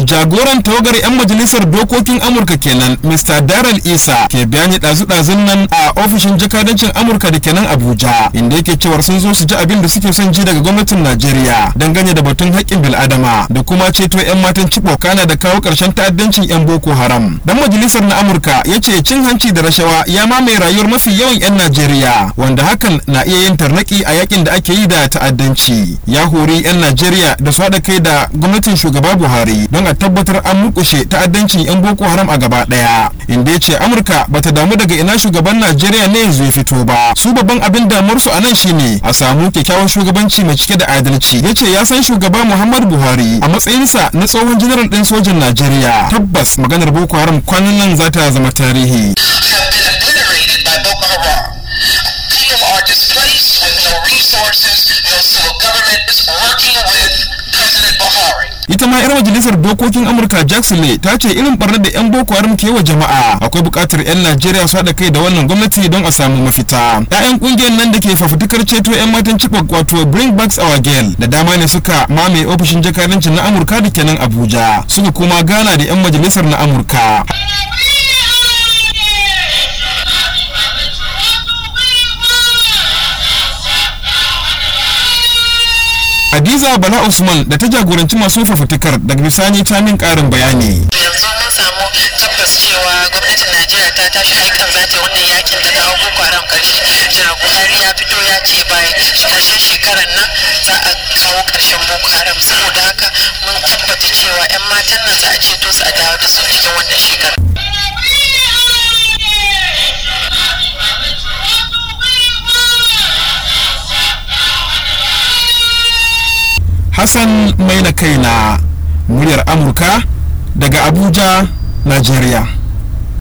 jagoran tawagar 'yan majalisar dokokin amurka kenan mr daral isa ke bayani ɗazu-ɗazun nan a ofishin jakadancin amurka da kenan abuja inda yake cewar sun zo su ji abin da suke son ji daga gwamnatin najeriya dangane da batun haƙƙin bil'adama da kuma ceto 'yan matan cibo kana da kawo ƙarshen ta'addancin 'yan boko haram dan majalisar na amurka ya ce cin hanci da rashawa ya mamaye rayuwar mafi yawan 'yan najeriya wanda hakan na iya yin tarnaki a yakin da ake yi da ta'addanci ya hori 'yan najeriya da su haɗa kai da gwamnatin shugaba buhari don a tabbatar an mukushe ta'addancin 'yan boko haram a gaba daya inda ya ce amurka bata damu daga ina shugaban najeriya ne yanzu ya fito ba su babban abin su a nan shine a samu kyakkyawan shugabanci mai cike da adalci ya ce ya san shugaba muhammadu buhari a matsayinsa na tsohon janaral ɗin sojan najeriya tabbas maganar boko haram kwanan nan za ta zama tarihi resources, no civil government. ita ma yar majalisar dokokin amurka jackson ne ta ce irin barna da yan boko haram ke wa jama'a akwai buƙatar yan najeriya su haɗa kai da wannan gwamnati don a samu mafita 'ya'yan ƙungiyar nan da ke fafutukar ceto yan matan chibok wato bring back our girl da dama ne suka mamaye ofishin jakadancin na amurka da kenan abuja suka kuma gana da yan majalisar na amurka Adiza Bala Usman da ta jagoranci masu fafatikar daga bisani ta min karin bayani. Yanzu mun samu tabbas cewa gwamnatin Najeriya ta tashi haikan za ta wannan yakin da kawo Boko Haram karshe. Jiran Buhari ya fito ya ce baya karshen shekarar nan za a kawo karshen Boko Haram saboda haka mun tabbata cewa 'yan matan nan za a ceto su a dawo da su cikin wannan hassan mai na kai na muryar amurka daga abuja najeriya